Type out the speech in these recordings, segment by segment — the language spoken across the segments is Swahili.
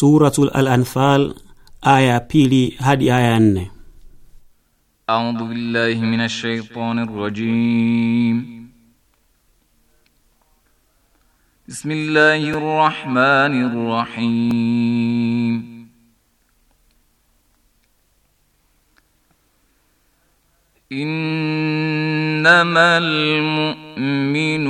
Suratul Al-Anfal aya ya pili hadi aya ya nne. A'udhu billahi minash shaitani rrajim. Bismillahir rahmanir rahim. إنما المؤمنون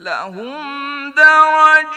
لهم درجات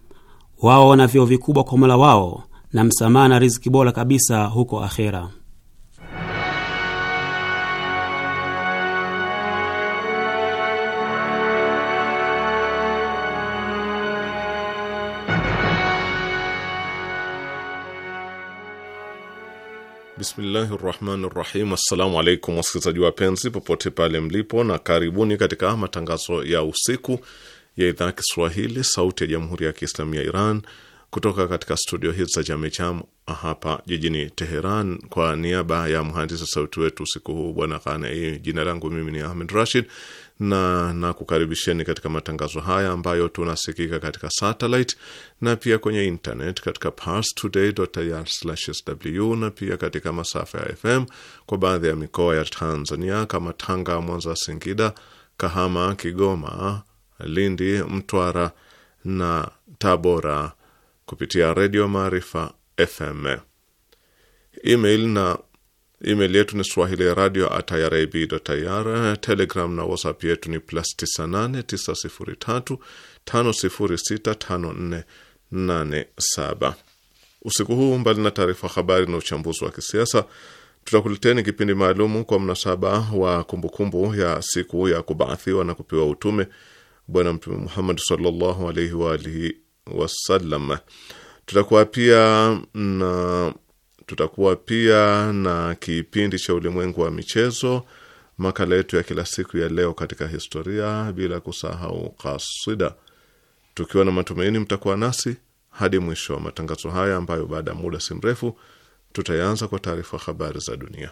wao wana vyeo vikubwa kwa Mola wao na msamaha na riziki bora kabisa huko akhera. Bismillahi rahmani rahim. Assalamu alaikum wasikilizaji wapenzi popote pale mlipo, na karibuni katika matangazo ya usiku ya idhaa ya Kiswahili sauti ya jamhuri ya Kiislamu ya Iran kutoka katika studio hizi za Jamejam hapa jijini Teheran. Kwa niaba ya mhandisi sauti wetu usiku huu bwana Khanei, jina langu mimi ni Ahmed Rashid na nakukaribisheni katika matangazo haya ambayo tunasikika katika satellite na pia kwenye internet katika parstoday.ir/sw na pia katika masafa ya FM kwa baadhi ya mikoa ya Tanzania kama Tanga, Mwanza, Singida, Kahama, Kigoma, Lindi, Mtwara na Tabora kupitia Redio Maarifa FM. Email na email yetu ni swahili radio at irib ir. Telegram na WhatsApp yetu ni plus 98 Usiku huu mbali na taarifa habari na uchambuzi wa kisiasa tutakuleteni kipindi maalumu kwa mnasaba wa kumbukumbu ya siku ya kubaathiwa na kupewa utume Bwana Mtume Muhammad sallallahu alaihi wa alihi wasallam. Tutakuwa pia na tutakuwa pia na kipindi cha ulimwengu wa michezo, makala yetu ya kila siku ya leo katika historia, bila kusahau kasida, tukiwa na matumaini mtakuwa nasi hadi mwisho wa matangazo haya ambayo baada ya muda si mrefu tutaanza kwa taarifa habari za dunia.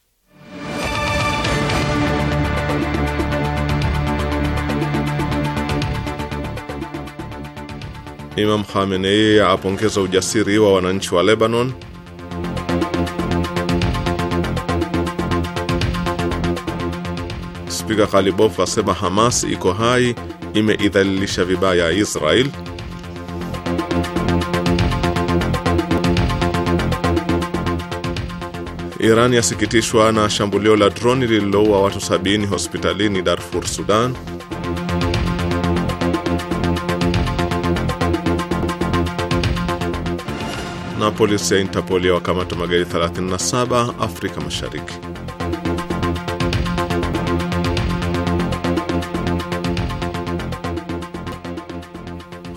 Imam Khamenei apongeza ujasiri wa wananchi wa Lebanon. Spika ghalibof asema Hamas iko hai, imeidhalilisha vibaya Israel. Iran yasikitishwa na shambulio la droni lililoua watu sabini hospitalini Darfur, Sudan. na polisi ya Interpol wakamata magari 37 Afrika Mashariki.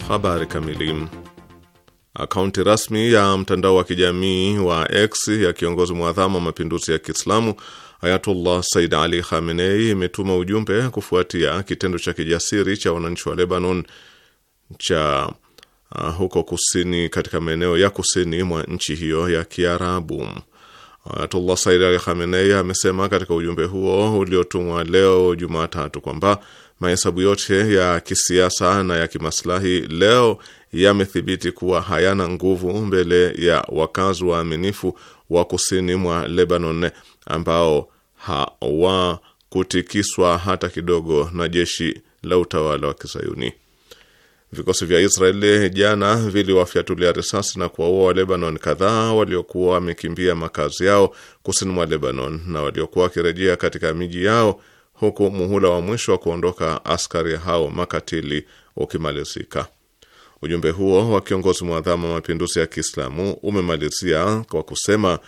Habari kamili. Akaunti rasmi ya mtandao wa kijamii wa X ya kiongozi mwadhamu wa mapinduzi ya Kiislamu Ayatullah Said Ali Khamenei imetuma ujumbe kufuatia kitendo cha kijasiri cha wananchi wa Lebanon cha uh, huko kusini katika maeneo ya kusini mwa nchi hiyo ya Kiarabu. Ayatullah Said Ali Khamenei amesema katika ujumbe huo uliotumwa leo Jumatatu kwamba mahesabu yote ya kisiasa na ya kimaslahi leo yamethibiti kuwa hayana nguvu mbele ya wakazi waaminifu wa kusini mwa Lebanon ambao hawakutikiswa hata kidogo na jeshi la utawala wa Kisayuni. Vikosi vya Israeli jana viliwafyatulia risasi na kuwaua Walebanon kadhaa waliokuwa wamekimbia makazi yao kusini mwa Lebanon na waliokuwa wakirejea katika miji yao, huku muhula wa mwisho wa kuondoka askari hao makatili ukimalizika. Ujumbe huo wa kiongozi mwadhamu wa mapinduzi ya Kiislamu umemalizia kwa kusema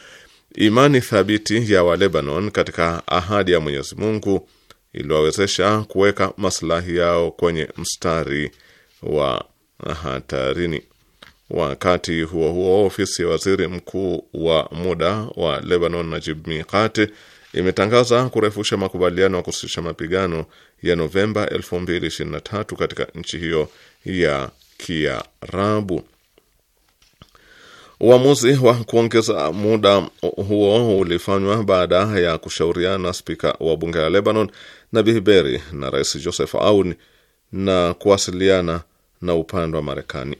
imani thabiti ya Walebanon katika ahadi ya Mwenyezi Mungu iliwawezesha kuweka maslahi yao kwenye mstari wa hatarini. Wakati huo huo, ofisi ya waziri mkuu wa muda wa Lebanon Najib Mikati imetangaza kurefusha makubaliano ya kusitisha mapigano ya Novemba 2023 katika nchi hiyo ya Kiarabu. Uamuzi wa kuongeza muda huo ulifanywa baada ya kushauriana spika wa bunge la Lebanon Nabih Berri na rais Joseph Aoun na kuwasiliana na upande wa Marekani.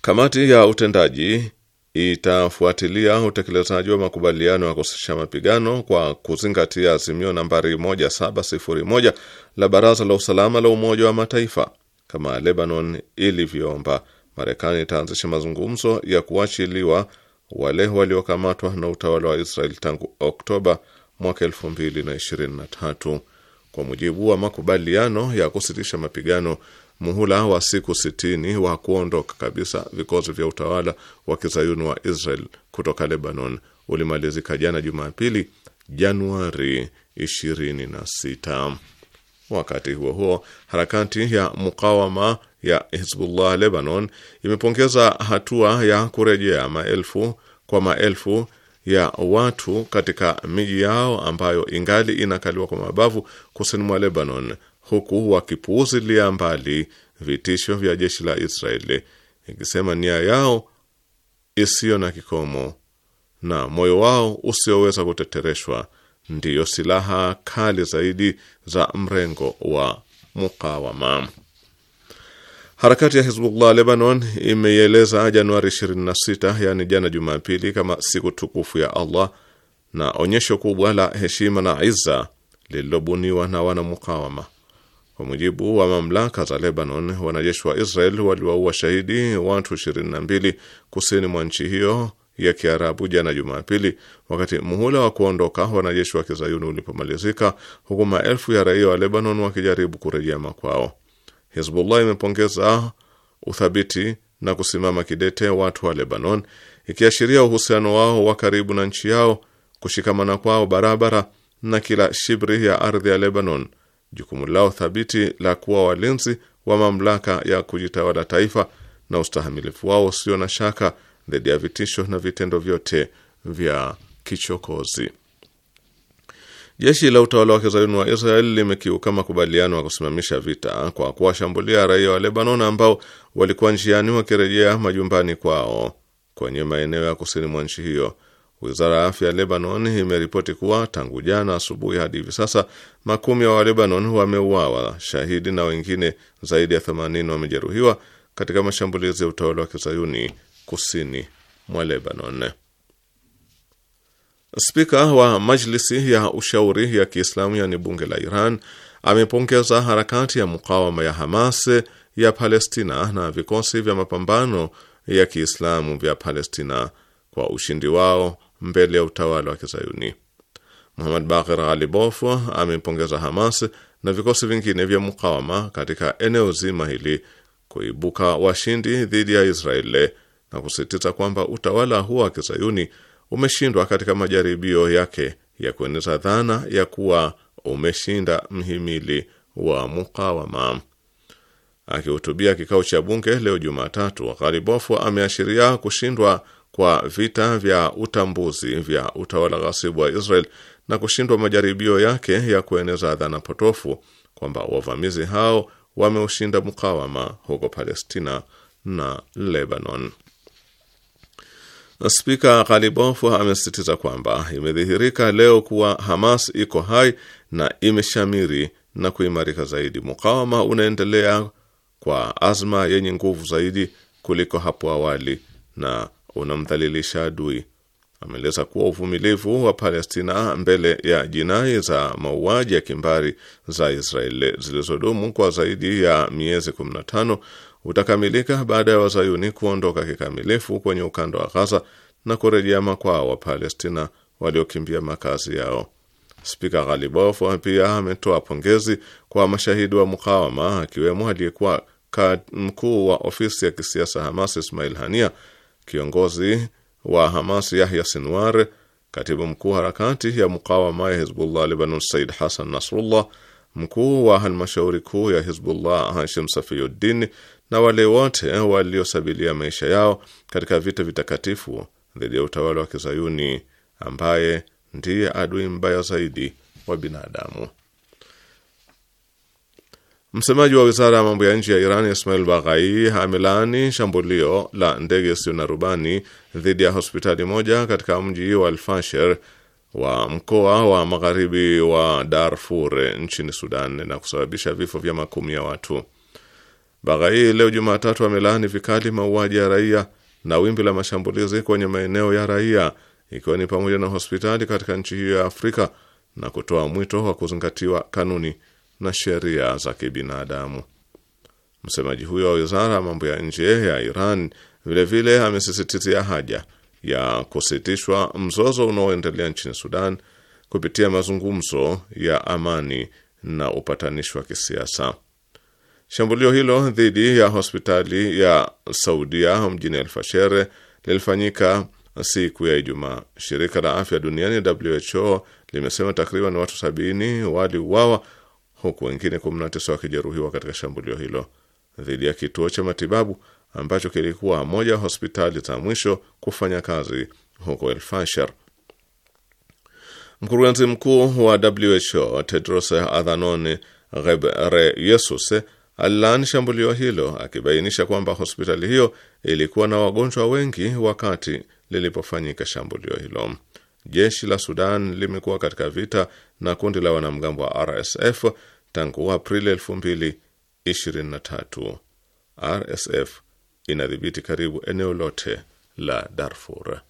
Kamati ya utendaji itafuatilia utekelezaji wa makubaliano ya kusitisha mapigano kwa kuzingatia azimio nambari 1701 la Baraza la Usalama la Umoja wa Mataifa. Kama Lebanon ilivyoomba, Marekani itaanzisha mazungumzo ya kuachiliwa wale waliokamatwa na utawala wa israel tangu Oktoba mwaka 2023. Kwa mujibu wa makubaliano ya kusitisha mapigano, muhula wa siku sitini wa kuondoka kabisa vikosi vya utawala wa kizayuni wa Israel kutoka Lebanon ulimalizika jana Jumapili, Januari 26. Wakati huo huo, harakati ya mukawama ya Hizbullah Lebanon imepongeza hatua ya kurejea maelfu kwa maelfu ya watu katika miji yao ambayo ingali inakaliwa kwa mabavu kusini mwa Lebanon, huku wakipuuzilia mbali vitisho vya jeshi la Israeli, ikisema nia yao isiyo na kikomo na moyo wao usioweza kutetereshwa ndiyo silaha kali zaidi za mrengo wa mukawama. Harakati ya Hizbullah Lebanon imeieleza Januari 26, yaani jana Jumapili, kama siku tukufu ya Allah na onyesho kubwa la heshima na iza lililobuniwa na wanamukawama. Kwa mujibu wa mamlaka za Lebanon, wanajeshi wa Israel waliwaua shahidi watu 22 kusini mwa nchi hiyo ya Kiarabu jana Jumapili, wakati muhula wa kuondoka wanajeshi wa kizayuni ulipomalizika, huku maelfu ya raia wa Lebanon wakijaribu kurejea makwao. Hezbollah imepongeza uthabiti na kusimama kidete watu wa Lebanon, ikiashiria uhusiano wao wa karibu na nchi yao, kushikamana kwao barabara na kila shibri ya ardhi ya Lebanon, jukumu lao thabiti la kuwa walinzi wa mamlaka ya kujitawala taifa na ustahamilifu wao usio na shaka dhidi ya vitisho na vitendo vyote vya kichokozi. Jeshi la utawala wa kizayuni wa Israel limekiuka makubaliano ya kusimamisha vita kwa kuwashambulia raia wa Lebanon ambao walikuwa njiani wakirejea majumbani kwao kwenye maeneo ya kusini mwa nchi hiyo. Wizara ya afya ya Lebanon imeripoti kuwa tangu jana asubuhi hadi hivi sasa makumi ya Walebanon wameuawa shahidi na wengine zaidi ya 80 wamejeruhiwa katika mashambulizi ya utawala wa kizayuni kusini mwa Lebanon. Spika wa Majlisi ya Ushauri ya Kiislamu, yani bunge la Iran, amepongeza harakati ya mukawama ya Hamas ya Palestina na vikosi vya mapambano ya Kiislamu vya Palestina kwa ushindi wao mbele ya utawala wa Kizayuni. Muhamad Bakir ghalibof amepongeza Hamas na vikosi vingine vya mukawama katika eneo zima hili kuibuka washindi dhidi ya Israeli na kusisitiza kwamba utawala huo wa Kizayuni umeshindwa katika majaribio yake ya kueneza dhana ya kuwa umeshinda mhimili wa mukawama. Akihutubia kikao cha bunge leo Jumatatu, Gharibofu ameashiria kushindwa kwa vita vya utambuzi vya utawala ghasibu wa Israel na kushindwa majaribio yake ya kueneza dhana potofu kwamba wavamizi hao wameushinda mukawama huko Palestina na Lebanon. Spika Ghalibof amesisitiza kwamba imedhihirika leo kuwa Hamas iko hai na imeshamiri na kuimarika zaidi. Mukawama unaendelea kwa azma yenye nguvu zaidi kuliko hapo awali na unamdhalilisha adui. Ameeleza kuwa uvumilivu wa Palestina mbele ya jinai za mauaji ya kimbari za Israeli zilizodumu kwa zaidi ya miezi tano utakamilika baada ya wazayuni kuondoka kikamilifu kwenye ukanda wa Ghaza na kurejea makwao wa Palestina waliokimbia makazi yao. Spika Ghalibof pia ametoa pongezi kwa mashahidi wa mukawama akiwemo aliyekuwa mkuu wa ofisi ya kisiasa Hamas Ismail Hania, kiongozi wa Hamas Yahya Sinwar, katibu mkuu harakati ya mukawama ya Hizbullah Lebanon Said Hasan Nasrullah, mkuu wa halmashauri kuu ya Hizbullah Hashim Safiyuddin na wale wote waliosabilia maisha yao katika vita vitakatifu dhidi ya utawala wa kizayuni ambaye ndiye adui mbaya zaidi wa binadamu. Msemaji wa wizara ya mambo ya nje ya Iran Ismail Baghai amelaani shambulio la ndege isiyo na rubani dhidi ya hospitali moja katika mji wa Alfasher wa mkoa wa magharibi wa Darfur nchini Sudan na kusababisha vifo vya makumi ya watu. Baghai leo Jumatatu amelaani vikali mauaji ya raia na wimbi la mashambulizi kwenye maeneo ya raia ikiwa ni pamoja na hospitali katika nchi hiyo ya Afrika na kutoa mwito wa kuzingatiwa kanuni na sheria za kibinadamu. Msemaji huyo wa wizara ya mambo ya nje ya Iran vilevile amesisitizia haja ya kusitishwa mzozo unaoendelea nchini Sudan kupitia mazungumzo ya amani na upatanishi wa kisiasa. Shambulio hilo dhidi ya hospitali ya Saudia mjini Alfasher lilifanyika siku ya Ijumaa. Shirika la afya duniani WHO limesema takriban watu sabini waliuawa huku wengine 19 wakijeruhiwa katika shambulio hilo dhidi ya kituo cha matibabu ambacho kilikuwa moja ya hospitali za mwisho kufanya kazi huko Elfasher. Mkurugenzi mkuu wa WHO Tedros Adhanom Ghebreyesus alilaani shambulio hilo akibainisha kwamba hospitali hiyo ilikuwa na wagonjwa wengi wakati lilipofanyika shambulio hilo. Jeshi la Sudan limekuwa katika vita na kundi la wanamgambo wa RSF tangu Aprili 2023. RSF inadhibiti karibu eneo lote la Darfur.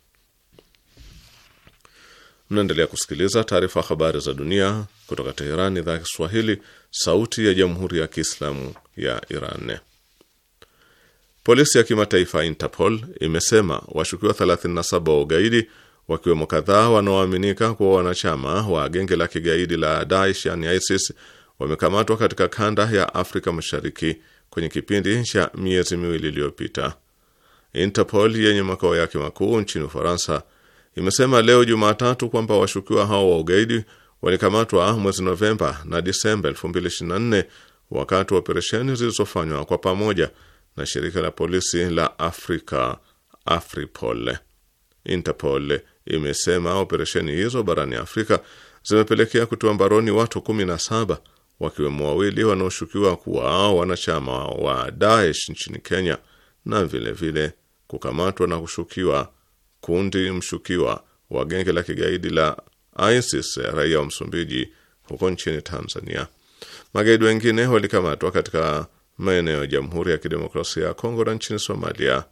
Mnaendelea kusikiliza taarifa ya habari za dunia kutoka teheran idhaa ya Kiswahili, sauti ya jamhuri ya kiislamu ya Iran. Polisi ya kimataifa Interpol imesema washukiwa 37 wa ugaidi wakiwemo kadhaa wanaoaminika kuwa wanachama wa genge la kigaidi la Daesh yani ISIS wamekamatwa katika kanda ya Afrika Mashariki kwenye kipindi cha miezi miwili iliyopita. Interpol yenye makao yake makuu nchini Ufaransa imesema leo Jumatatu kwamba washukiwa hao wa ugaidi walikamatwa mwezi Novemba na Disemba 2024 wakati wa operesheni zilizofanywa kwa pamoja na shirika la polisi la Afrika Afripol. Interpol imesema operesheni hizo barani Afrika zimepelekea kutiwa mbaroni watu 17 wakiwemo wawili wanaoshukiwa kuwa wanachama wa Daesh nchini Kenya na vilevile kukamatwa na kushukiwa kundi mshukiwa wa genge la kigaidi la ISIS raia wa Msumbiji huko nchini Tanzania. Magaidi wengine walikamatwa katika maeneo ya Jamhuri ya Kidemokrasia ya Kongo na nchini Somalia.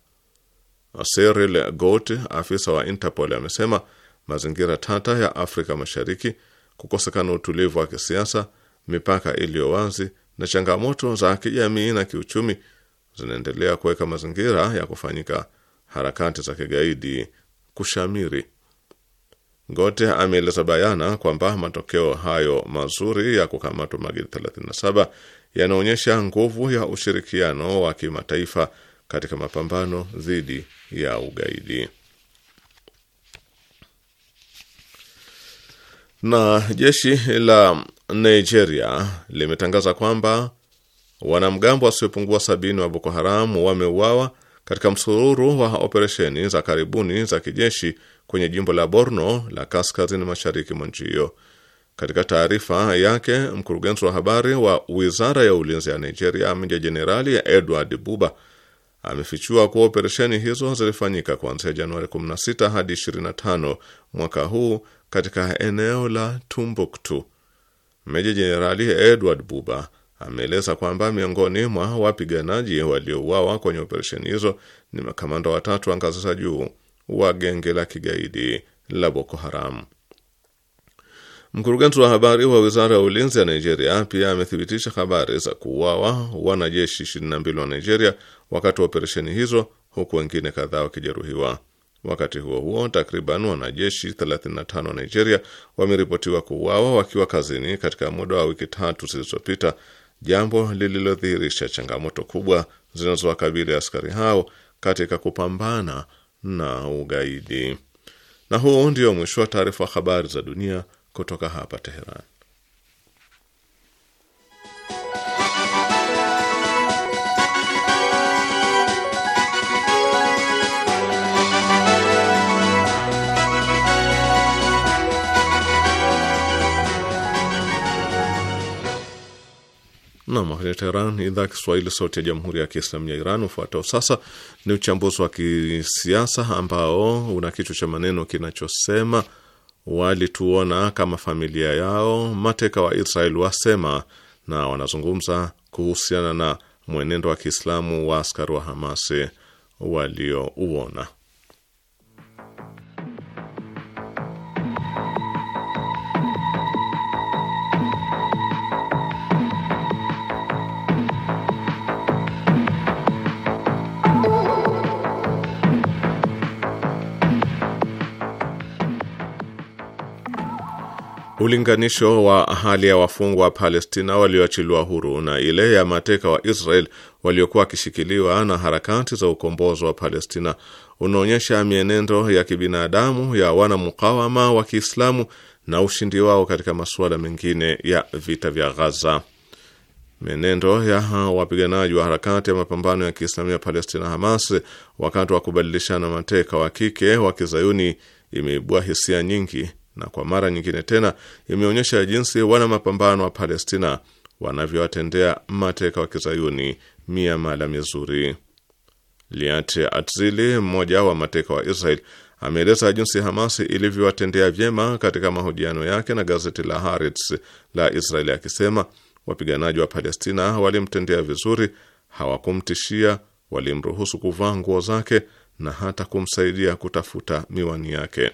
Cyril Got, afisa wa Interpol, amesema mazingira tata ya Afrika Mashariki, kukosekana utulivu wa kisiasa, mipaka iliyo wazi na changamoto za kijamii na kiuchumi zinaendelea kuweka mazingira ya kufanyika harakati za kigaidi kushamiri. Gote ameeleza bayana kwamba matokeo hayo mazuri ya kukamatwa magidi 37 yanaonyesha nguvu ya ushirikiano wa kimataifa katika mapambano dhidi ya ugaidi. Na jeshi la Nigeria limetangaza kwamba wanamgambo wasiopungua sabini wa Boko Haram wameuawa katika msururu wa operesheni za karibuni za kijeshi kwenye jimbo la Borno la kaskazini mashariki mwa nchi hiyo. Katika taarifa yake, mkurugenzi wa habari wa wizara ya ulinzi ya Nigeria, meja jenerali Edward Buba, amefichua kuwa operesheni hizo zilifanyika kuanzia Januari 16 hadi 25 mwaka huu katika eneo la Tumbuktu. Meja jenerali Edward Buba ameeleza kwamba miongoni mwa wapiganaji waliouawa kwenye operesheni hizo ni makamanda watatu wa ngazi za juu wa genge la kigaidi la Boko Haram. Mkurugenzi wa habari wa wizara ya ulinzi ya Nigeria pia amethibitisha habari za kuuawa wanajeshi 22 wa Nigeria wakati wa operesheni hizo, huku wengine kadhaa wakijeruhiwa. Wakati huo huo, takriban wanajeshi 35 wa Nigeria wameripotiwa kuuawa wakiwa kazini katika muda wa wiki tatu zilizopita jambo lililodhihirisha changamoto kubwa zinazowakabili askari hao katika kupambana na ugaidi. Na huu ndio mwisho wa taarifa wa habari za dunia kutoka hapa Teheran. Nam Teheran, idhaa Kiswahili, sauti ya jamhuri ya kiislamu ya Iran. Ufuatao sasa ni uchambuzi wa kisiasa ambao una kichwa cha maneno kinachosema walituona kama familia yao, mateka wa Israel wasema, na wanazungumza kuhusiana na mwenendo wa kiislamu wa askari wa Hamasi waliouona. Ulinganisho wa hali ya wafungwa wa Palestina walioachiliwa huru na ile ya mateka wa Israel waliokuwa wakishikiliwa na harakati za ukombozi wa Palestina unaonyesha mienendo ya kibinadamu ya wanamukawama wa Kiislamu na ushindi wao katika masuala mengine ya vita vya Ghaza. Mienendo ya wapiganaji wa harakati ya mapambano ya Kiislamu ya Palestina, Hamas, wakati wa kubadilishana mateka wa kike wa Kizayuni imeibua hisia nyingi na kwa mara nyingine tena imeonyesha jinsi wana mapambano wa Palestina wanavyowatendea mateka wa kizayuni miamala mizuri. Liat Atzili, mmoja wa mateka wa Israel, ameeleza jinsi Hamasi ilivyowatendea vyema katika mahojiano yake na gazeti la Haaretz la Israeli akisema wapiganaji wa Palestina walimtendea vizuri, hawakumtishia, walimruhusu kuvaa nguo zake na hata kumsaidia kutafuta miwani yake.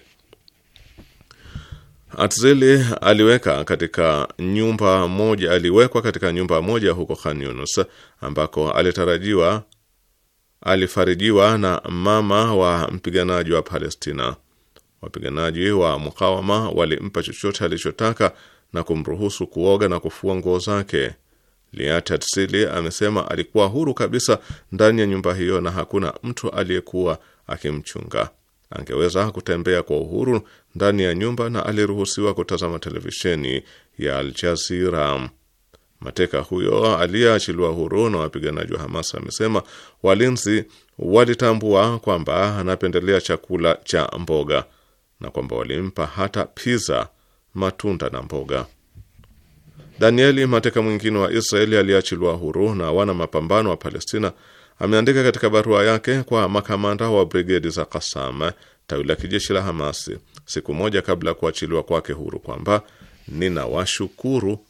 Atzili aliweka katika nyumba moja, aliwekwa katika nyumba moja huko Khan Yunus ambako alitarajiwa alifarijiwa na mama wa mpiganaji wa Palestina. Wapiganaji wa mukawama walimpa chochote alichotaka na kumruhusu kuoga na kufua nguo zake. Liat Atsili amesema alikuwa huru kabisa ndani ya nyumba hiyo na hakuna mtu aliyekuwa akimchunga angeweza kutembea kwa uhuru ndani ya nyumba na aliruhusiwa kutazama televisheni ya Al Mateka huyo aliyeachiliwa huru na wapiganaji wa Hamas amesema walinzi walitambua kwamba anapendelea chakula cha mboga na kwamba walimpa hata pizza, matunda na mboga. Danieli, mateka mwingine wa Israeli aliyeachiliwa huru na wana mapambano wa Palestina ameandika katika barua yake kwa makamanda wa brigedi za Kasam, tawi la kijeshi la Hamasi, siku moja kabla ya kuachiliwa kwake huru kwamba ninawashukuru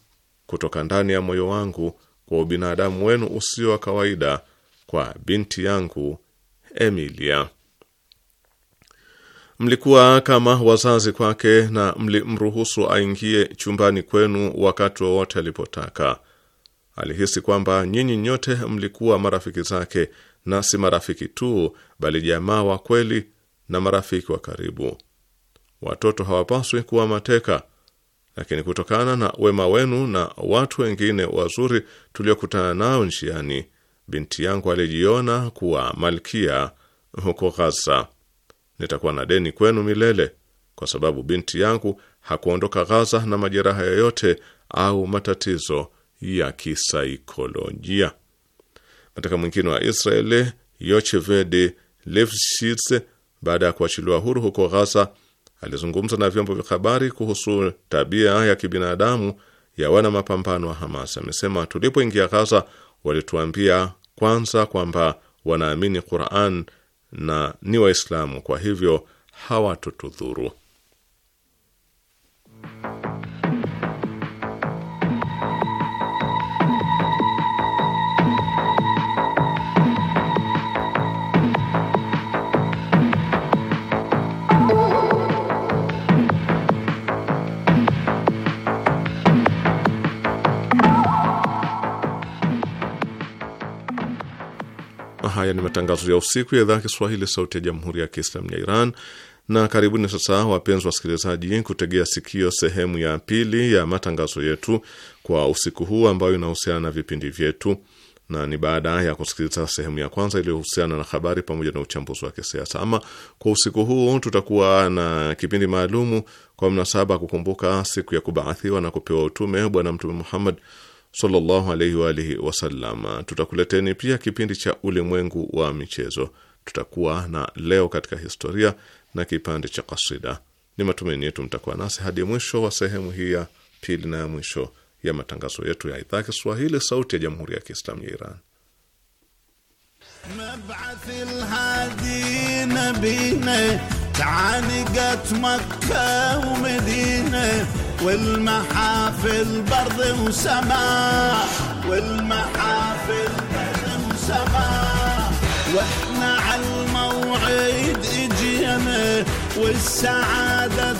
kutoka ndani ya moyo wangu kwa ubinadamu wenu usio wa kawaida kwa binti yangu Emilia. Mlikuwa kama wazazi kwake na mlimruhusu aingie chumbani kwenu wakati wowote alipotaka. Alihisi kwamba nyinyi nyote mlikuwa marafiki zake na si marafiki tu, bali jamaa wa kweli na marafiki wa karibu. Watoto hawapaswi kuwa mateka, lakini kutokana na wema wenu na watu wengine wazuri tuliokutana nao njiani, binti yangu alijiona kuwa malkia huko Ghaza. Nitakuwa na deni kwenu milele, kwa sababu binti yangu hakuondoka Ghaza na majeraha yoyote au matatizo ya kisaikolojia. Mateka mwingine wa Israeli Yocheved Lifshitz, baada ya kuachiliwa huru huko Ghaza, alizungumza na vyombo vya habari kuhusu tabia ya kibinadamu ya wana mapambano wa Hamas. Amesema, tulipoingia Ghaza walituambia kwanza kwamba wanaamini Quran na ni Waislamu, kwa hivyo hawatutudhuru. haya ni matangazo ya usiku ya idhaa ya Kiswahili, Sauti ya Jamhuri ya Kiislamu ya Iran. Na karibuni sasa, wapenzi wasikilizaji, kutegea sikio sehemu ya pili ya matangazo yetu kwa usiku huu ambayo inahusiana na vipindi vyetu na ni baada ya kusikiliza sehemu ya kwanza iliyohusiana na habari pamoja na uchambuzi wa kisiasa. Ama kwa usiku huu tutakuwa na kipindi maalumu kwa mnasaba kukumbuka siku ya kubaathiwa na kupewa utume Bwana Mtume Muhammad sallallahu alaihi wa alihi wasallam. Tutakuleteni pia kipindi cha ulimwengu wa michezo, tutakuwa na leo katika historia na kipande cha kasida. Ni matumaini yetu mtakuwa nasi hadi mwisho wa sehemu hii ya pili na ya mwisho ya matangazo yetu ya idhaa Kiswahili, Sauti ya Jamhuri ya Kiislamu ya Iran. مبعث الهادي نبينا تعانقت مكة ومدينة والمحافل برض وسماء والمحافل برض وسماء واحنا على الموت العيد اجينا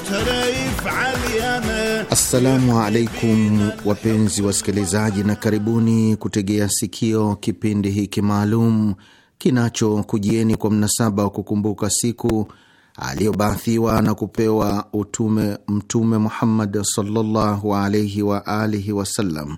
تريف علينا. Assalamu alaikum wapenzi wasikilizaji, na karibuni kutegea sikio kipindi hiki maalum kinachokujieni kwa mnasaba wa kukumbuka siku aliyobaathiwa na kupewa utume Mtume Muhammad sallallahu alaihi wa alihi wasallam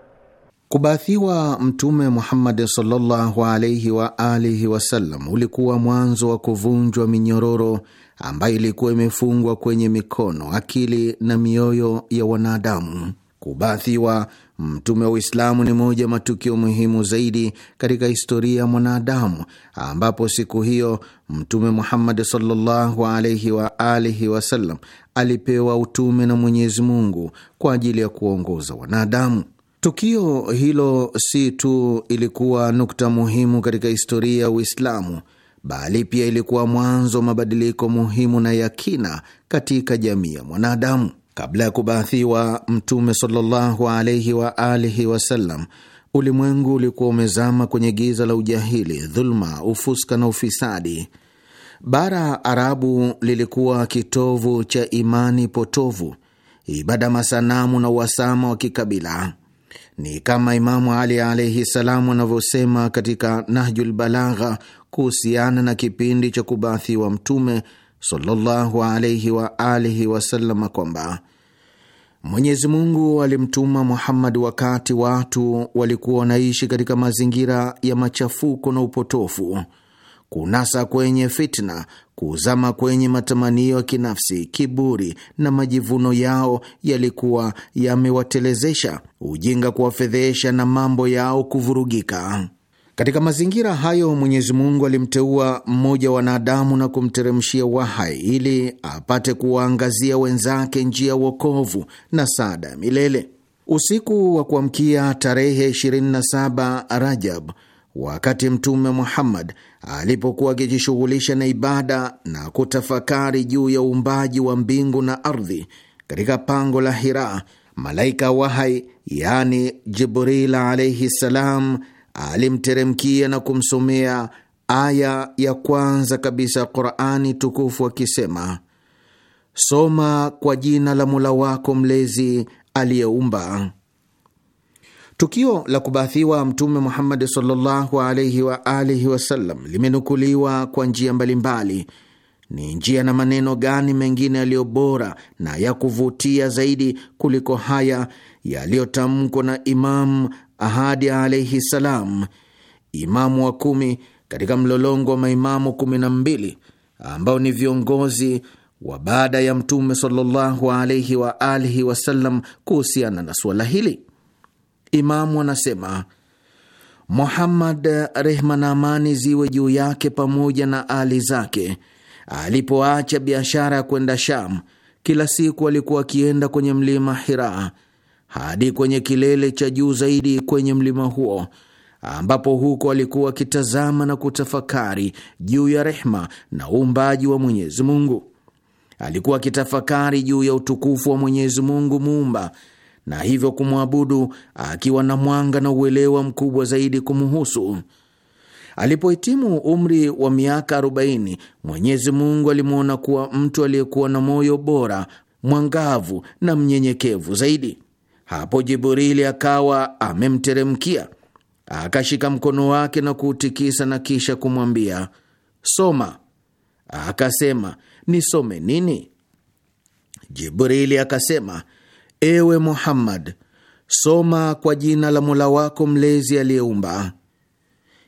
Kubathiwa Mtume Muhammad sallallahu alaihi wa alihi wasallam ulikuwa mwanzo wa kuvunjwa minyororo ambayo ilikuwa imefungwa kwenye mikono, akili na mioyo ya wanadamu. Kubathiwa Mtume wa Uislamu ni moja ya matukio muhimu zaidi katika historia ya mwanadamu, ambapo siku hiyo Mtume Muhammad sallallahu alaihi wa alihi wasallam alipewa utume na Mwenyezi Mungu kwa ajili ya kuongoza wanadamu. Tukio hilo si tu ilikuwa nukta muhimu katika historia ya Uislamu, bali pia ilikuwa mwanzo wa mabadiliko muhimu na ya kina katika jamii ya mwanadamu. Kabla ya kubaathiwa Mtume sallallahu alaihi wa alihi wasallam, ulimwengu ulikuwa umezama kwenye giza la ujahili, dhuluma, ufuska na ufisadi. Bara Arabu lilikuwa kitovu cha imani potovu, ibada masanamu na uhasama wa kikabila. Ni kama Imamu Ali alaihi salam anavyosema katika Nahjul Balagha kuhusiana na kipindi cha kubathiwa Mtume sallallahu alaihi wa alihi wasallam kwamba Mwenyezi Mungu alimtuma Muhammad wakati watu walikuwa wanaishi katika mazingira ya machafuko na upotofu kunasa kwenye fitna, kuzama kwenye matamanio ya kinafsi, kiburi na majivuno yao yalikuwa yamewatelezesha, ujinga kuwafedhesha na mambo yao kuvurugika. Katika mazingira hayo Mwenyezi Mungu alimteua mmoja wa wanadamu na kumteremshia wahai ili apate kuwaangazia wenzake njia ya uokovu na saada ya milele. Usiku wa kuamkia tarehe 27 Rajab Wakati Mtume Muhammad alipokuwa akijishughulisha na ibada na kutafakari juu ya uumbaji wa mbingu na ardhi katika pango la Hira, malaika wahai, yani Jibril alaihi salam, alimteremkia na kumsomea aya ya kwanza kabisa Qurani tukufu akisema, soma kwa jina la mula wako mlezi aliyeumba Tukio la kubathiwa Mtume Muhammad sallallahu alaihi wa alihi wasallam limenukuliwa kwa njia mbalimbali. Ni njia na maneno gani mengine yaliyo bora na ya kuvutia zaidi kuliko haya yaliyotamkwa na Imamu Ahadi alaihi salam, imamu wa kumi katika mlolongo wa maimamu kumi na mbili ambao ni viongozi wa baada ya Mtume sallallahu alaihi wa alihi wasallam kuhusiana na suala hili. Imamu anasema Muhammad, rehma na amani ziwe juu yake pamoja na ali zake, alipoacha biashara ya kwenda Sham, kila siku alikuwa akienda kwenye mlima Hira hadi kwenye kilele cha juu zaidi kwenye mlima huo, ambapo huko alikuwa akitazama na kutafakari juu ya rehma na uumbaji wa Mwenyezi Mungu. Alikuwa akitafakari juu ya utukufu wa Mwenyezi Mungu muumba na hivyo kumwabudu akiwa na mwanga na uelewa mkubwa zaidi kumuhusu. Alipohitimu umri wa miaka 40, Mwenyezi Mungu alimwona kuwa mtu aliyekuwa na moyo bora, mwangavu na mnyenyekevu zaidi. Hapo Jiburili akawa amemteremkia, akashika mkono wake na kuutikisa na kisha kumwambia soma. Akasema, nisome nini? Jibrili akasema Ewe Muhammad, soma kwa jina la Mola wako mlezi aliyeumba.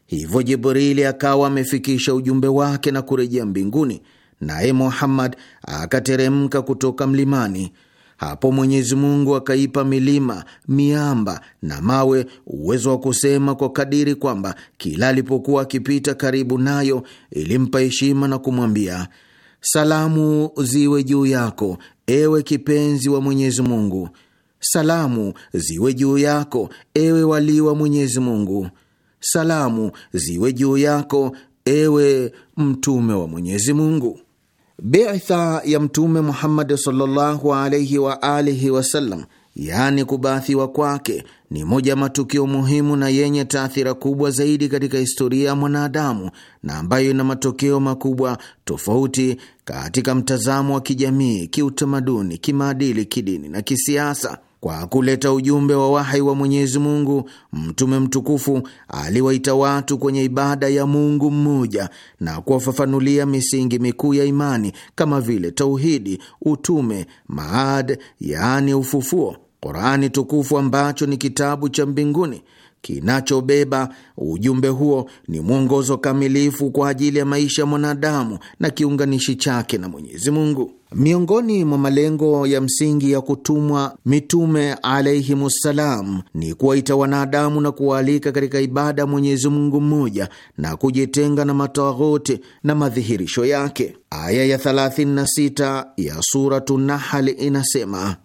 Hivyo Jibrili akawa amefikisha ujumbe wake na kurejea mbinguni, naye Muhammad akateremka kutoka mlimani. Hapo Mwenyezi Mungu akaipa milima, miamba na mawe uwezo wa kusema kwa kadiri kwamba kila alipokuwa akipita karibu nayo ilimpa heshima na kumwambia, salamu ziwe juu yako ewe kipenzi wa Mwenyezi Mungu. Salamu ziwe juu yako, ewe wali wa Mwenyezi Mungu. Salamu ziwe juu yako, ewe mtume wa Mwenyezi Mungu. Bitha ya Mtume Muhammad sallallahu alaihi wa alihi wasallam, yaani kubathiwa kwake ni moja ya matukio muhimu na yenye taathira kubwa zaidi katika historia ya mwanadamu na ambayo ina matokeo makubwa tofauti katika mtazamo wa kijamii, kiutamaduni, kimaadili, kidini na kisiasa. Kwa kuleta ujumbe wa wahai wa Mwenyezi Mungu, Mtume mtukufu aliwaita watu kwenye ibada ya Mungu mmoja na kuwafafanulia misingi mikuu ya imani kama vile tauhidi, utume, maad, yaani ufufuo Qurani tukufu ambacho ni kitabu cha mbinguni kinachobeba ujumbe huo ni mwongozo kamilifu kwa ajili ya maisha ya mwanadamu na kiunganishi chake na Mwenyezi Mungu. Miongoni mwa malengo ya msingi ya kutumwa mitume alaihimussalam ni kuwaita wanadamu na kuwaalika katika ibada ya Mwenyezi Mungu mmoja na kujitenga na mataghuti na madhihirisho yake. Aya ya 36 ya Suratu inasema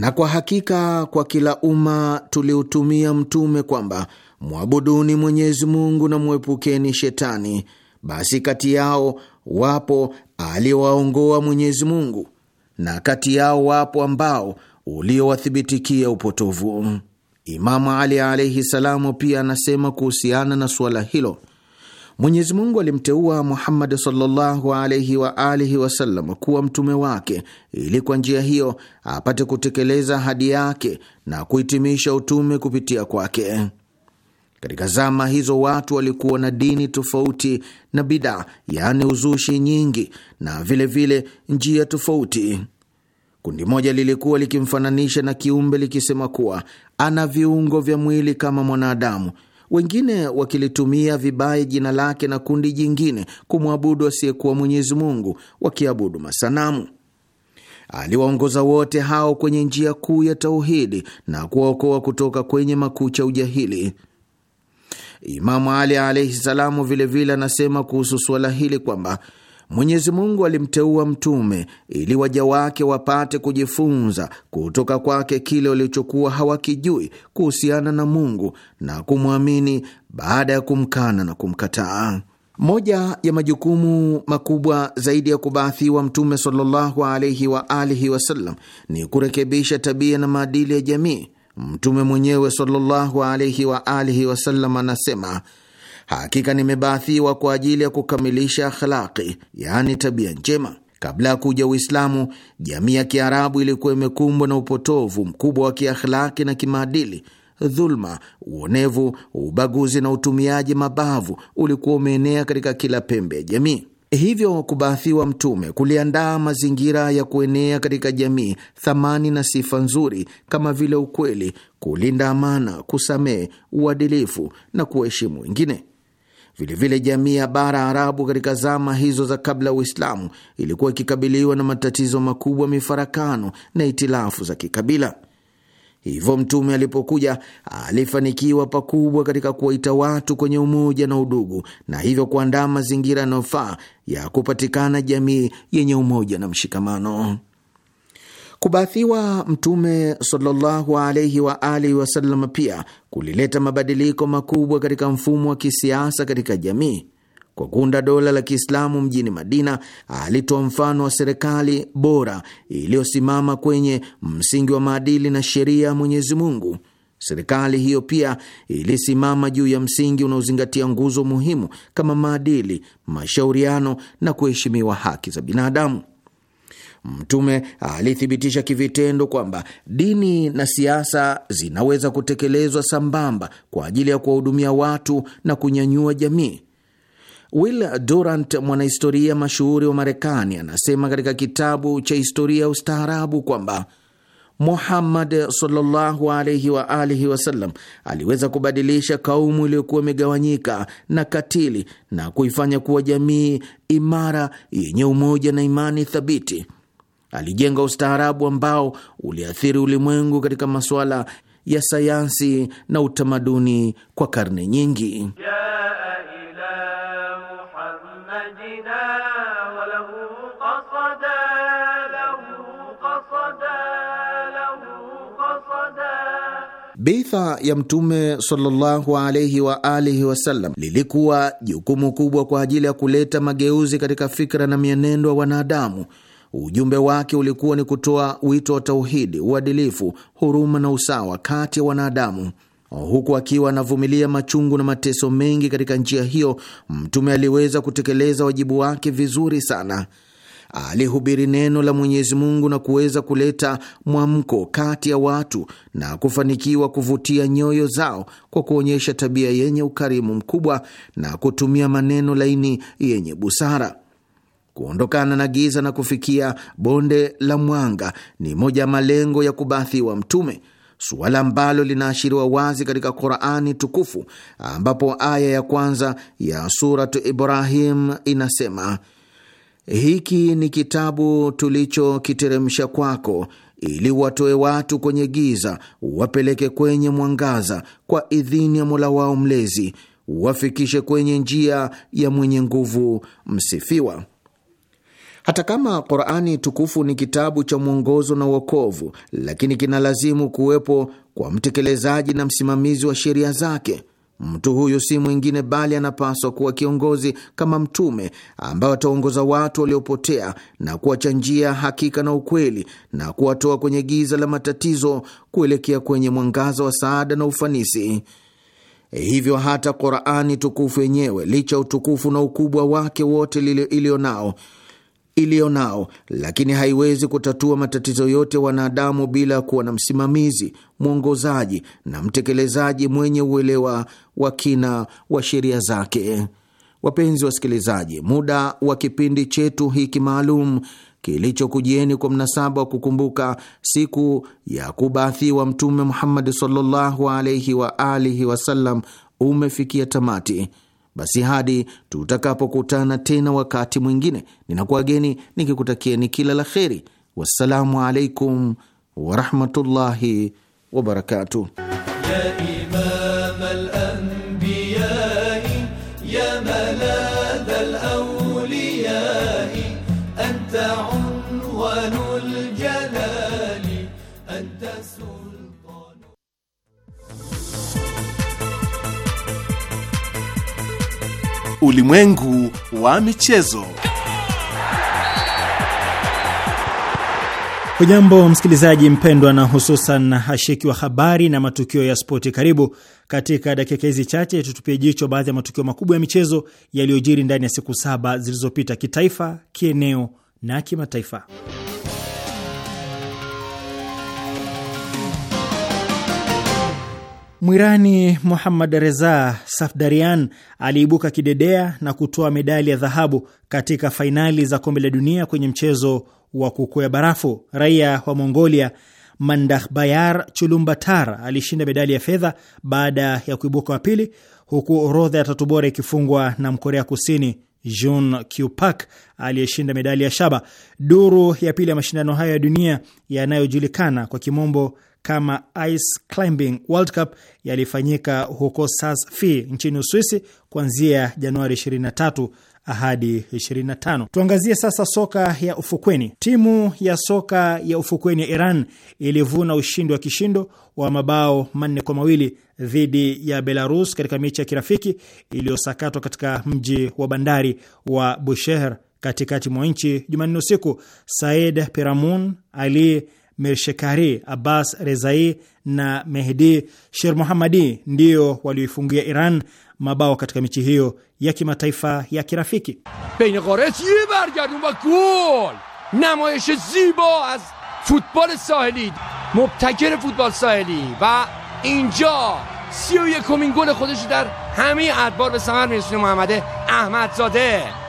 na kwa hakika kwa kila umma tuliutumia mtume kwamba mwabuduni Mwenyezi Mungu na mwepukeni shetani, basi kati yao wapo aliwaongoa Mwenyezi Mungu na kati yao wapo ambao uliowathibitikia upotovu. Imamu Ali alaihi salamu pia anasema kuhusiana na suala hilo Mwenyezi Mungu alimteua Muhammad sallallahu alaihi wa alihi wasallam kuwa mtume wake ili kwa njia hiyo apate kutekeleza hadi yake na kuhitimisha utume kupitia kwake. Katika zama hizo watu walikuwa na dini tofauti na bidaa, yaani uzushi nyingi, na vilevile vile njia tofauti. Kundi moja lilikuwa likimfananisha na kiumbe likisema kuwa ana viungo vya mwili kama mwanadamu wengine wakilitumia vibaya jina lake na kundi jingine kumwabudu asiyekuwa Mwenyezi Mungu, wakiabudu masanamu. Aliwaongoza wote hao kwenye njia kuu ya tauhidi na kuwaokoa kutoka kwenye makucha ujahili. Imamu Ali alaihi salamu vilevile anasema kuhusu suala hili kwamba Mwenyezi Mungu alimteua mtume ili waja wake wapate kujifunza kutoka kwake kile walichokuwa hawakijui kuhusiana na Mungu na kumwamini baada ya kumkana na kumkataa. Moja ya majukumu makubwa zaidi ya kubaathiwa mtume sallallahu alaihi wa alihi wasallam ni kurekebisha tabia na maadili ya jamii. Mtume mwenyewe sallallahu alaihi wa alihi wasallam anasema: hakika nimebaathiwa kwa ajili ya kukamilisha akhlaqi, yaani tabia njema. Kabla ya kuja Uislamu, jamii ya Kiarabu ilikuwa imekumbwa na upotovu mkubwa wa kiakhlaki na kimaadili. Dhuluma, uonevu, ubaguzi na utumiaji mabavu ulikuwa umeenea katika kila pembe ya jamii. Hivyo kubaathiwa Mtume kuliandaa mazingira ya kuenea katika jamii thamani na sifa nzuri kama vile ukweli, kulinda amana, kusamehe, uadilifu na kuheshimu wengine. Vilevile jamii ya bara Arabu katika zama hizo za kabla ya Uislamu ilikuwa ikikabiliwa na matatizo makubwa, mifarakano na itilafu za kikabila. Hivyo Mtume alipokuja alifanikiwa pakubwa katika kuwaita watu kwenye umoja na udugu, na hivyo kuandaa mazingira yanayofaa ya kupatikana jamii yenye umoja na mshikamano. Kubathiwa Mtume sallallahu alaihi wa alihi wasallam pia kulileta mabadiliko makubwa katika mfumo wa kisiasa katika jamii. Kwa kuunda dola la Kiislamu mjini Madina, alitoa mfano wa serikali bora iliyosimama kwenye msingi wa maadili na sheria ya Mwenyezi Mungu. Serikali hiyo pia ilisimama juu ya msingi unaozingatia nguzo muhimu kama maadili, mashauriano na kuheshimiwa haki za binadamu. Mtume alithibitisha kivitendo kwamba dini na siasa zinaweza kutekelezwa sambamba kwa ajili ya kuwahudumia watu na kunyanyua jamii. Will Durant, mwanahistoria mashuhuri wa Marekani, anasema katika kitabu cha historia ya ustaarabu kwamba Muhammad sallallahu alaihi wa alihi wasallam aliweza kubadilisha kaumu iliyokuwa imegawanyika na katili na kuifanya kuwa jamii imara yenye umoja na imani thabiti. Alijenga ustaarabu ambao uliathiri ulimwengu katika masuala ya sayansi na utamaduni kwa karne nyingi. Bitha ya Mtume sallallahu alaihi wa alihi wasallam lilikuwa jukumu kubwa kwa ajili ya kuleta mageuzi katika fikra na mienendo ya wanadamu Ujumbe wake ulikuwa ni kutoa wito wa tauhidi, uadilifu, huruma na usawa kati ya wanadamu. Huku akiwa anavumilia machungu na mateso mengi katika njia hiyo, mtume aliweza kutekeleza wajibu wake vizuri sana. Alihubiri neno la Mwenyezi Mungu na kuweza kuleta mwamko kati ya watu na kufanikiwa kuvutia nyoyo zao kwa kuonyesha tabia yenye ukarimu mkubwa na kutumia maneno laini yenye busara. Kuondokana na giza na kufikia bonde la mwanga ni moja ya malengo ya kubathiwa Mtume, suala ambalo linaashiriwa wazi katika Qurani Tukufu, ambapo aya ya kwanza ya Suratu Ibrahim inasema hiki ni kitabu tulichokiteremsha kwako ili watoe watu kwenye giza wapeleke kwenye mwangaza kwa idhini ya Mola wao Mlezi, wafikishe kwenye njia ya mwenye nguvu msifiwa. Hata kama Qurani tukufu ni kitabu cha mwongozo na uokovu, lakini kinalazimu kuwepo kwa mtekelezaji na msimamizi wa sheria zake. Mtu huyu si mwingine bali anapaswa kuwa kiongozi kama mtume ambaye ataongoza watu waliopotea na kuwachanjia hakika na ukweli na kuwatoa kwenye giza la matatizo kuelekea kwenye mwangaza wa saada na ufanisi. Hivyo hata Qurani tukufu yenyewe licha ya utukufu na ukubwa wake wote iliyo nao iliyo nao, lakini haiwezi kutatua matatizo yote wanadamu bila kuwa na msimamizi, mwongozaji na mtekelezaji mwenye uelewa wa kina wa sheria zake. Wapenzi wasikilizaji, muda wa kipindi chetu hiki maalum kilichokujieni kwa mnasaba wa kukumbuka siku ya kubaathiwa Mtume Muhammadi sallallahu alaihi wa alihi wasallam umefikia tamati. Basi hadi tutakapokutana tena wakati mwingine, ninakuageni nikikutakieni kila la kheri. Wassalamu alaikum warahmatullahi wabarakatuh. Ulimwengu wa michezo. Hujambo msikilizaji mpendwa, na hususan hashiki wa habari na matukio ya spoti. Karibu katika dakika hizi chache tutupie jicho baadhi ya matukio makubwa ya michezo yaliyojiri ndani ya siku saba zilizopita, kitaifa, kieneo na kimataifa. Mwirani Muhammad Reza Safdarian aliibuka kidedea na kutoa medali ya dhahabu katika fainali za kombe la dunia kwenye mchezo wa kukwea barafu. Raia wa Mongolia Mandahbayar Chulumbatar alishinda medali ya fedha baada ya kuibuka wa pili, huku orodha ya tatu bora ikifungwa na Mkorea Kusini Jun Kupak aliyeshinda medali ya shaba. Duru ya pili ya mashindano hayo ya dunia yanayojulikana kwa kimombo kama ice climbing World Cup yalifanyika huko Saas-Fee nchini Uswisi kuanzia Januari 23 hadi 25. Tuangazie sasa soka ya ufukweni. Timu ya soka ya ufukweni ya Iran ilivuna ushindi wa kishindo wa mabao manne kwa mawili dhidi ya Belarus katika mechi ya kirafiki iliyosakatwa katika mji wa bandari wa Bushehr katikati mwa nchi Jumanne usiku. Said Piramun Ali Mirshekari, Abbas Rezai na Mehdi Shermohamadi ndio walioifungia Iran mabao katika michi hiyo ya kimataifa ya kirafiki. bein qora ye bargardun va gol namayish zibo az futbol saheli mubtaker futbol saheli va inja 31 و یکمین گل خودش در همه ادوار به ثمر میرسونه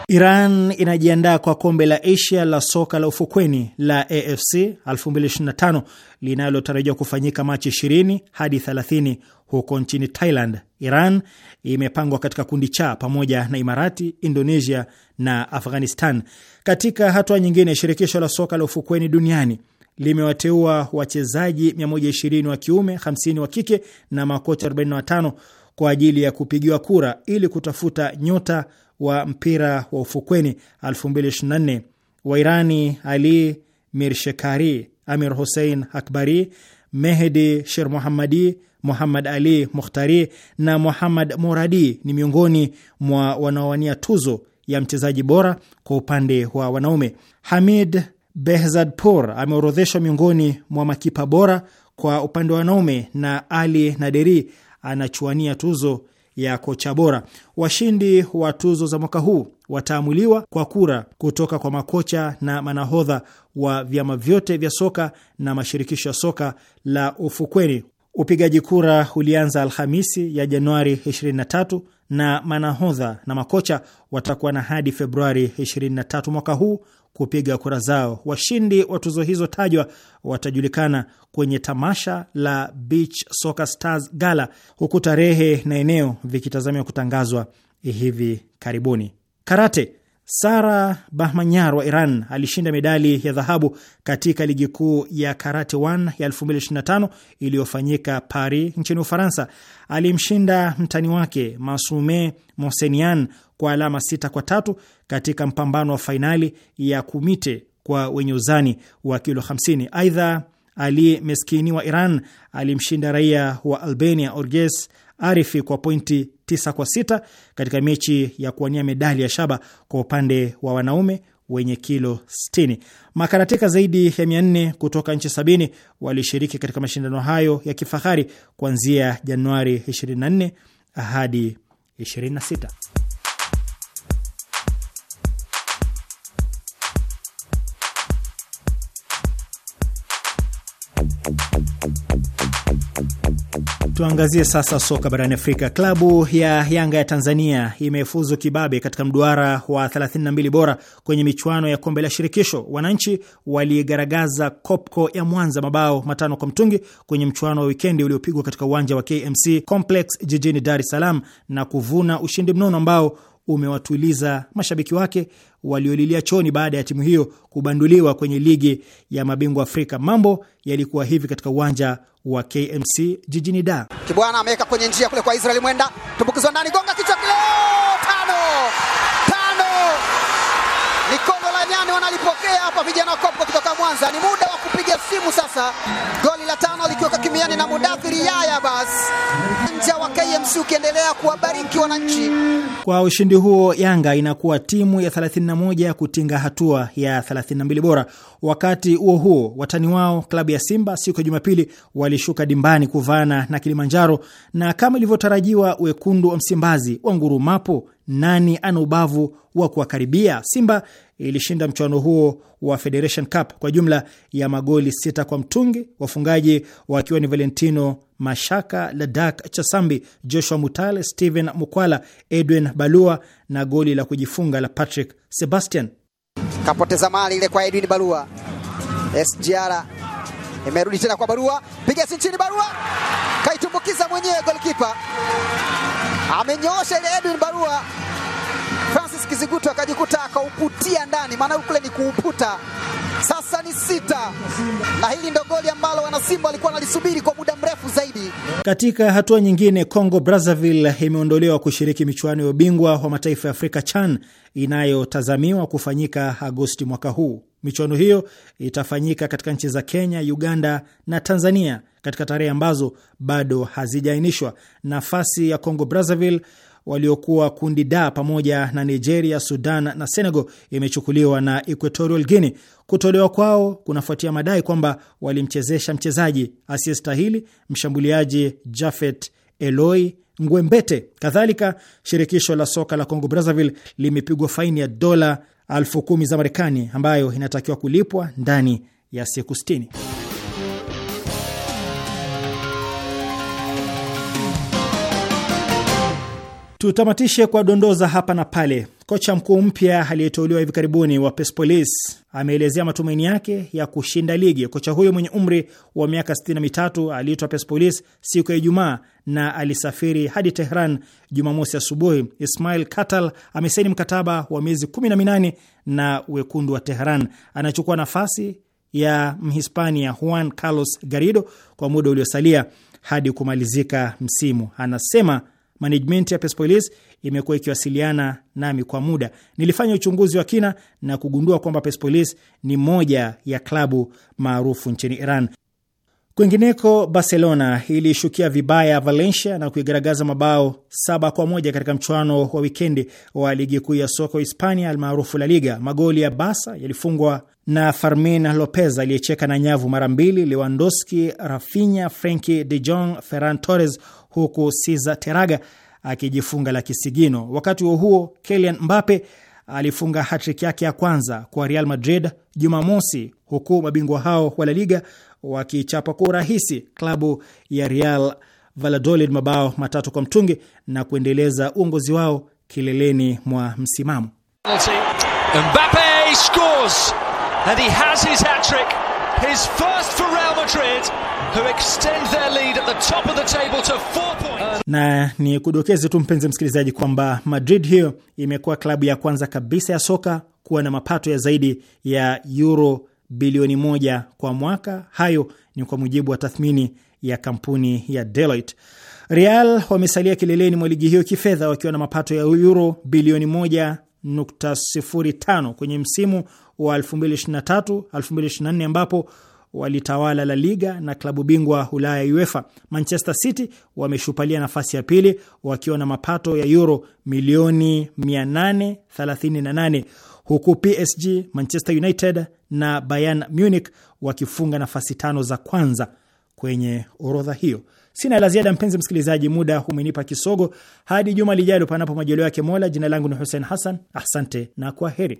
Iran inajiandaa kwa kombe la Asia la soka la ufukweni la AFC 2025 linalotarajiwa kufanyika Machi 20 hadi 30 huko nchini Thailand. Iran imepangwa katika kundi cha pamoja na Imarati, Indonesia na Afghanistan. Katika hatua nyingine, shirikisho la soka la ufukweni duniani limewateua wachezaji 120 wa kiume, 50 wa kike na makocha 45 kwa ajili ya kupigiwa kura ili kutafuta nyota wa mpira wa ufukweni 2024 Wairani Ali Mirshekari, Amir Hussein Akbari, Mehdi Sher Muhammadi, Muhammad Ali Mukhtari na Muhammad Moradi ni miongoni mwa wanaowania tuzo ya mchezaji bora kwa upande wa wanaume. Hamid Behzadpour ameorodheshwa miongoni mwa makipa bora kwa upande wa wanaume na Ali Naderi anachuania tuzo ya kocha bora. Washindi wa tuzo za mwaka huu wataamuliwa kwa kura kutoka kwa makocha na manahodha wa vyama vyote vya soka na mashirikisho ya soka la ufukweni. Upigaji kura ulianza Alhamisi ya Januari 23 na manahodha na makocha watakuwa na hadi Februari 23 mwaka huu kupiga kura zao. Washindi wa tuzo hizo tajwa watajulikana kwenye tamasha la Beach Soccer Stars Gala, huku tarehe na eneo vikitazamiwa kutangazwa hivi karibuni. Karate. Sara Bahmanyar wa Iran alishinda medali ya dhahabu katika ligi kuu ya Karate 1 ya 2025 iliyofanyika Paris nchini Ufaransa. Alimshinda mtani wake Masume Mosenian kwa alama sita kwa tatu katika mpambano wa fainali ya kumite kwa wenye uzani wa kilo 50. Aidha, Ali Meskini wa Iran alimshinda raia wa Albania Orges Arifi kwa pointi 9 kwa sita katika mechi ya kuwania medali ya shaba kwa upande wa wanaume wenye kilo 60. Makaratika zaidi ya 400 kutoka nchi sabini walishiriki katika mashindano hayo ya kifahari kuanzia Januari 24 hadi 26. Tuangazie sasa soka barani Afrika. Klabu ya Yanga ya Tanzania imefuzu kibabe katika mduara wa 32 bora kwenye michuano ya kombe la shirikisho. Wananchi waligaragaza Kopko ya Mwanza mabao matano kwa mtungi kwenye mchuano wa wikendi uliopigwa katika uwanja wa KMC Complex jijini Dar es Salaam na kuvuna ushindi mnono ambao umewatuliza mashabiki wake waliolilia choni baada ya timu hiyo kubanduliwa kwenye ligi ya mabingwa Afrika. Mambo yalikuwa hivi katika uwanja wa KMC jijini Dar. Kibwana ameweka kwenye njia kule kwa Israel Mwenda, tumbukizwa ndani, gonga kichwa kile, tano tano, mikono la nyani wanalipo Tuelekee hapa vijana wa Kopko kutoka Mwanza, ni muda wa kupiga simu sasa. Goli la tano likiweka kimiani na Mudathiri Yaya bas nja wa KMC ukiendelea kuwabariki wananchi kwa ushindi huo. Yanga inakuwa timu ya 31 kutinga hatua ya 32 bora. Wakati huo huo, watani wao klabu ya Simba siku ya Jumapili walishuka dimbani kuvana na Kilimanjaro, na kama ilivyotarajiwa, wekundu wa Msimbazi wa ngurumapo nani ana ubavu wa kuwakaribia. Simba ilishinda mchuano huo wa Federation Cup kwa jumla ya magoli sita kwa mtungi, wafungaji wakiwa ni Valentino Mashaka, Ladak Chasambi, Joshua Mutale, Steven Mukwala, Edwin Balua na goli la kujifunga la Patrick Sebastian. Kapoteza mali ile kwa Edwin Balua. SGR imerudi tena kwa Barua, piga si chini. Barua kaitumbukiza mwenyewe, golikipa amenyoosha ile. Edwin Barua Moses Kiziguto akajikuta akauputia ndani, maana kule ni kuuputa. Sasa ni sita, na hili ndo goli ambalo wanasimba walikuwa wanalisubiri kwa muda mrefu zaidi. Katika hatua nyingine, Congo Brazzaville imeondolewa kushiriki michuano ya ubingwa wa mataifa ya Afrika CHAN inayotazamiwa kufanyika Agosti mwaka huu. Michuano hiyo itafanyika katika nchi za Kenya, Uganda na Tanzania katika tarehe ambazo bado hazijaainishwa. Nafasi ya Congo Brazzaville waliokuwa kundi da pamoja na Nigeria, Sudan na Senegal imechukuliwa na Equatorial Guinea. Kutolewa kwao kunafuatia madai kwamba walimchezesha mchezaji asiyestahili mshambuliaji Jafet Eloi Ngwembete. Kadhalika, shirikisho la soka la Congo Brazzaville limepigwa faini ya dola elfu kumi za Marekani ambayo inatakiwa kulipwa ndani ya siku sitini. Tutamatishe kwa dondoza hapa na pale. Kocha mkuu mpya aliyeteuliwa hivi karibuni wa Persepolis ameelezea matumaini yake ya kushinda ligi. Kocha huyo mwenye umri wa miaka 63 aliitwa Persepolis siku ya Ijumaa na alisafiri hadi Tehran Jumamosi asubuhi. Ismail Katal amesaini mkataba wa miezi 18 na wekundu wa Tehran. Anachukua nafasi ya Mhispania Juan Carlos Garrido kwa muda uliosalia hadi kumalizika msimu. Anasema management ya Persepolis imekuwa ikiwasiliana nami kwa muda. Nilifanya uchunguzi wa kina na kugundua kwamba Persepolis ni moja ya klabu maarufu nchini Iran. Kwingineko, Barcelona ilishukia vibaya Valencia na kuigaragaza mabao saba kwa moja katika mchuano wa wikendi wa ligi kuu ya soka Hispania almaarufu La Liga. Magoli ya Basa yalifungwa na Fermin Lopez aliyecheka na nyavu mara mbili, Lewandowski, Rafinha, Frenkie de Jong, Ferran Torres huku Siza Teraga akijifunga la kisigino. Wakati huo huo, Kylian Mbappe alifunga hatrick yake ya kwanza kwa Real Madrid Jumamosi, huku mabingwa hao wa La Liga wakichapa kwa urahisi klabu ya Real Valladolid mabao matatu kwa mtungi na kuendeleza uongozi wao kileleni mwa msimamo. Mbappe scores and he has his hat-trick, his first for Madrid, who extend their lead at the top of the table to four points. Na ni kudokeze tu mpenzi msikilizaji kwamba Madrid hiyo imekuwa klabu ya kwanza kabisa ya soka kuwa na mapato ya zaidi ya euro bilioni moja kwa mwaka. Hayo ni kwa mujibu wa tathmini ya kampuni ya Deloitte. Real wamesalia kileleni mwa ligi hiyo kifedha wakiwa na mapato ya euro bilioni tano kwenye msimu wa 2023/2024 ambapo walitawala La Liga na klabu bingwa Ulaya UEFA. Manchester City wameshupalia nafasi ya pili wakiwa na mapato ya euro milioni 838 huku PSG, Manchester United na Bayern Munich wakifunga nafasi tano za kwanza kwenye orodha hiyo. Sina la ziada, mpenzi msikilizaji, muda umenipa kisogo. Hadi juma lijalo, panapo majaliwa yake Mola. Jina langu ni Hussein Hassan, asante na kwa heri.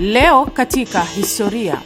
Leo katika historia.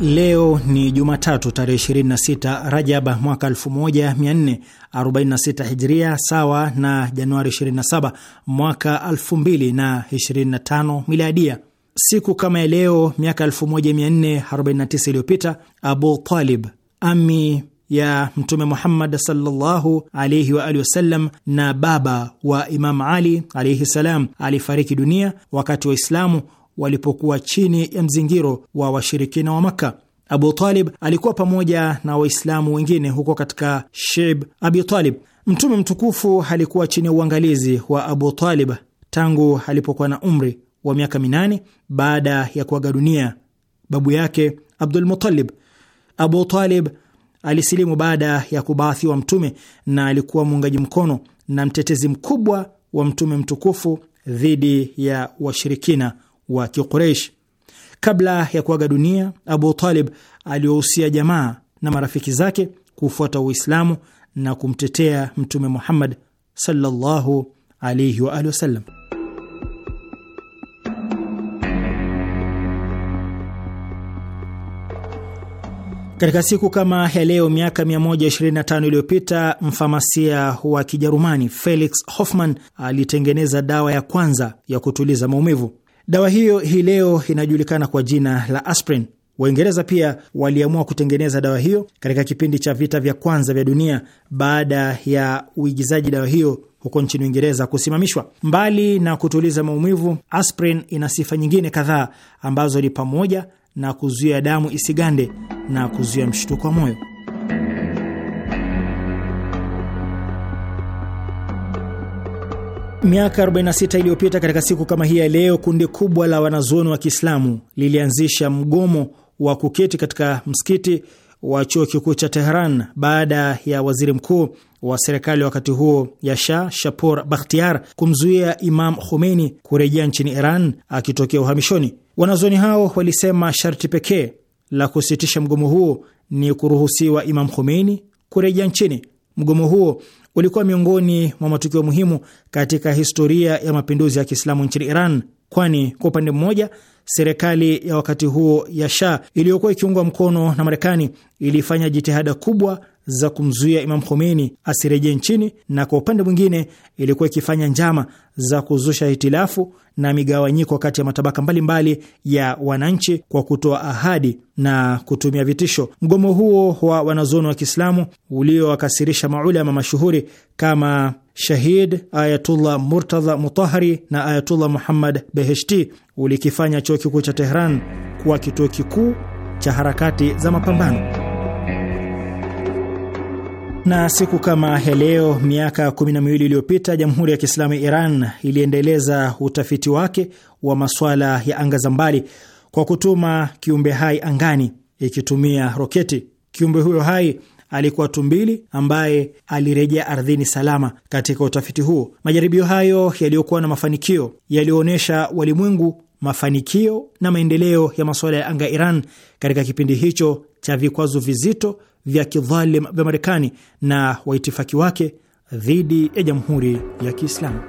Leo ni Jumatatu tarehe 26 Rajaba mwaka 1446 Hijria, sawa na Januari 27 mwaka 2025 Miladia. Siku kama ya leo miaka 1449 iliyopita Abu Talib ami ya Mtume Muhammad sallallahu alaihi wa alihi wasallam na baba wa Imam Ali alaihi salam, alifariki dunia wakati Waislamu walipokuwa chini ya mzingiro wa washirikina wa Makka. Abu Talib alikuwa pamoja na Waislamu wengine huko katika Shib Abi Talib. Mtume mtukufu alikuwa chini ya uangalizi wa Abu Talib tangu alipokuwa na umri wa miaka minane baada ya kuaga dunia babu yake Abdul Muttalib. Abu Talib Alisilimu baada ya kubaathiwa Mtume na alikuwa muungaji mkono na mtetezi mkubwa wa Mtume mtukufu dhidi ya washirikina wa Kiquraish. Kabla ya kuaga dunia, Abu Talib aliwahusia jamaa na marafiki zake kufuata Uislamu na kumtetea Mtume Muhammad sallallahu alaihi wa alihi wasallam. Katika siku kama ya leo miaka 125 iliyopita mfamasia wa Kijerumani Felix Hoffmann alitengeneza dawa ya kwanza ya kutuliza maumivu. Dawa hiyo hii leo inajulikana kwa jina la aspirin. Waingereza pia waliamua kutengeneza dawa hiyo katika kipindi cha vita vya kwanza vya dunia baada ya uigizaji dawa hiyo huko nchini Uingereza kusimamishwa. Mbali na kutuliza maumivu, aspirin ina sifa nyingine kadhaa ambazo ni pamoja na kuzuia damu isigande na kuzuia mshtuko wa moyo. Miaka 46 iliyopita katika siku kama hii ya leo, kundi kubwa la wanazuoni wa Kiislamu lilianzisha mgomo wa kuketi katika msikiti wa chuo kikuu cha Tehran baada ya waziri mkuu wa serikali wakati huo ya Shah Shapor Bakhtiar kumzuia Imam Khomeini kurejea nchini Iran akitokea uhamishoni. Wanazoni hao walisema sharti pekee la kusitisha mgomo huo ni kuruhusiwa Imam Khomeini kurejea nchini. Mgomo huo ulikuwa miongoni mwa matukio muhimu katika historia ya mapinduzi ya Kiislamu nchini Iran, kwani kwa upande mmoja serikali ya wakati huo ya Shah iliyokuwa ikiungwa mkono na Marekani ilifanya jitihada kubwa za kumzuia Imam Khomeini asirejee nchini, na kwa upande mwingine ilikuwa ikifanya njama za kuzusha hitilafu na migawanyiko kati ya matabaka mbalimbali mbali ya wananchi kwa kutoa ahadi na kutumia vitisho. Mgomo huo wa wanazuoni wa Kiislamu uliowakasirisha maulama mashuhuri kama Shahid Ayatullah Murtadha Mutahari na Ayatullah Muhammad Beheshti ulikifanya chuo kikuu cha Tehran kuwa kituo kikuu cha harakati za mapambano. Na siku kama ya leo miaka kumi na miwili iliyopita Jamhuri ya Kiislamu ya Iran iliendeleza utafiti wake wa masuala ya anga za mbali kwa kutuma kiumbe hai angani ikitumia roketi. Kiumbe huyo hai alikuwa tumbili ambaye alirejea ardhini salama katika utafiti huo. Majaribio hayo yaliyokuwa na mafanikio yaliyoonyesha walimwengu mafanikio na maendeleo ya masuala ya anga ya Iran katika kipindi hicho cha vikwazo vizito vya kidhalim vya Marekani na waitifaki wake dhidi ya Jamhuri ya Kiislamu.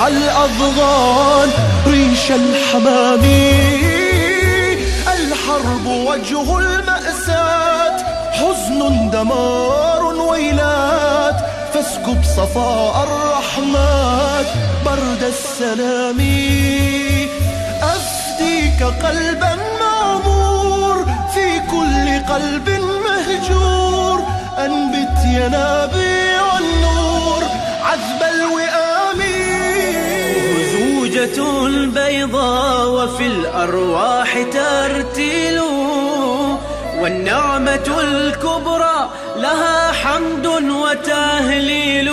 ريح الأضغان ريش الحمامي الحرب وجه المأساة حزن دمار ويلات فاسكب صفاء الرحمات برد السلام أفديك قلبا معمور في كل قلب مهجور أنبت ينابيع النور عذب الوئام بيضاء البيضاء وفي الأرواح ترتيل والنعمة الكبرى لها حمد وتهليل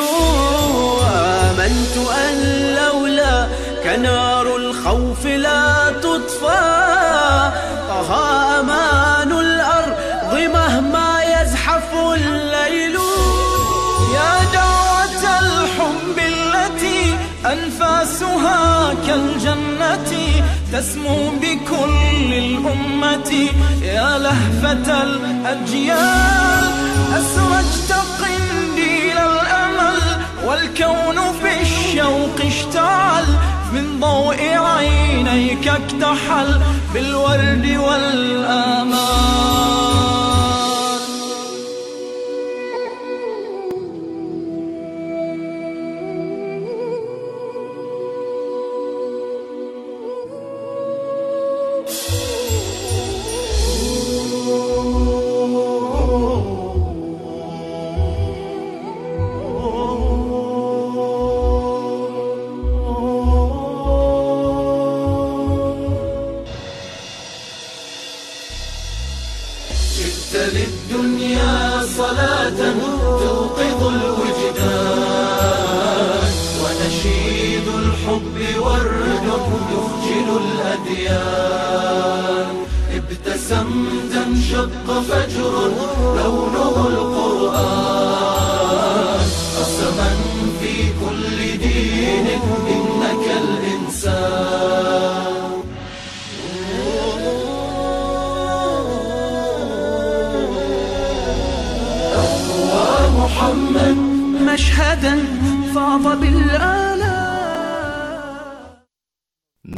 آمنت أن لولا كنار الخوف لا تطفى طه أمان كالجنة تسمو بكل الأمة يا لهفة الأجيال أسرجت قنديل الأمل والكون في الشوق اشتعل من ضوء عينيك اكتحل بالورد والآمال شق فجر لونه القرآن قسما في كل دين إنك الإنسان أقوى محمد مشهدا فاض بالآن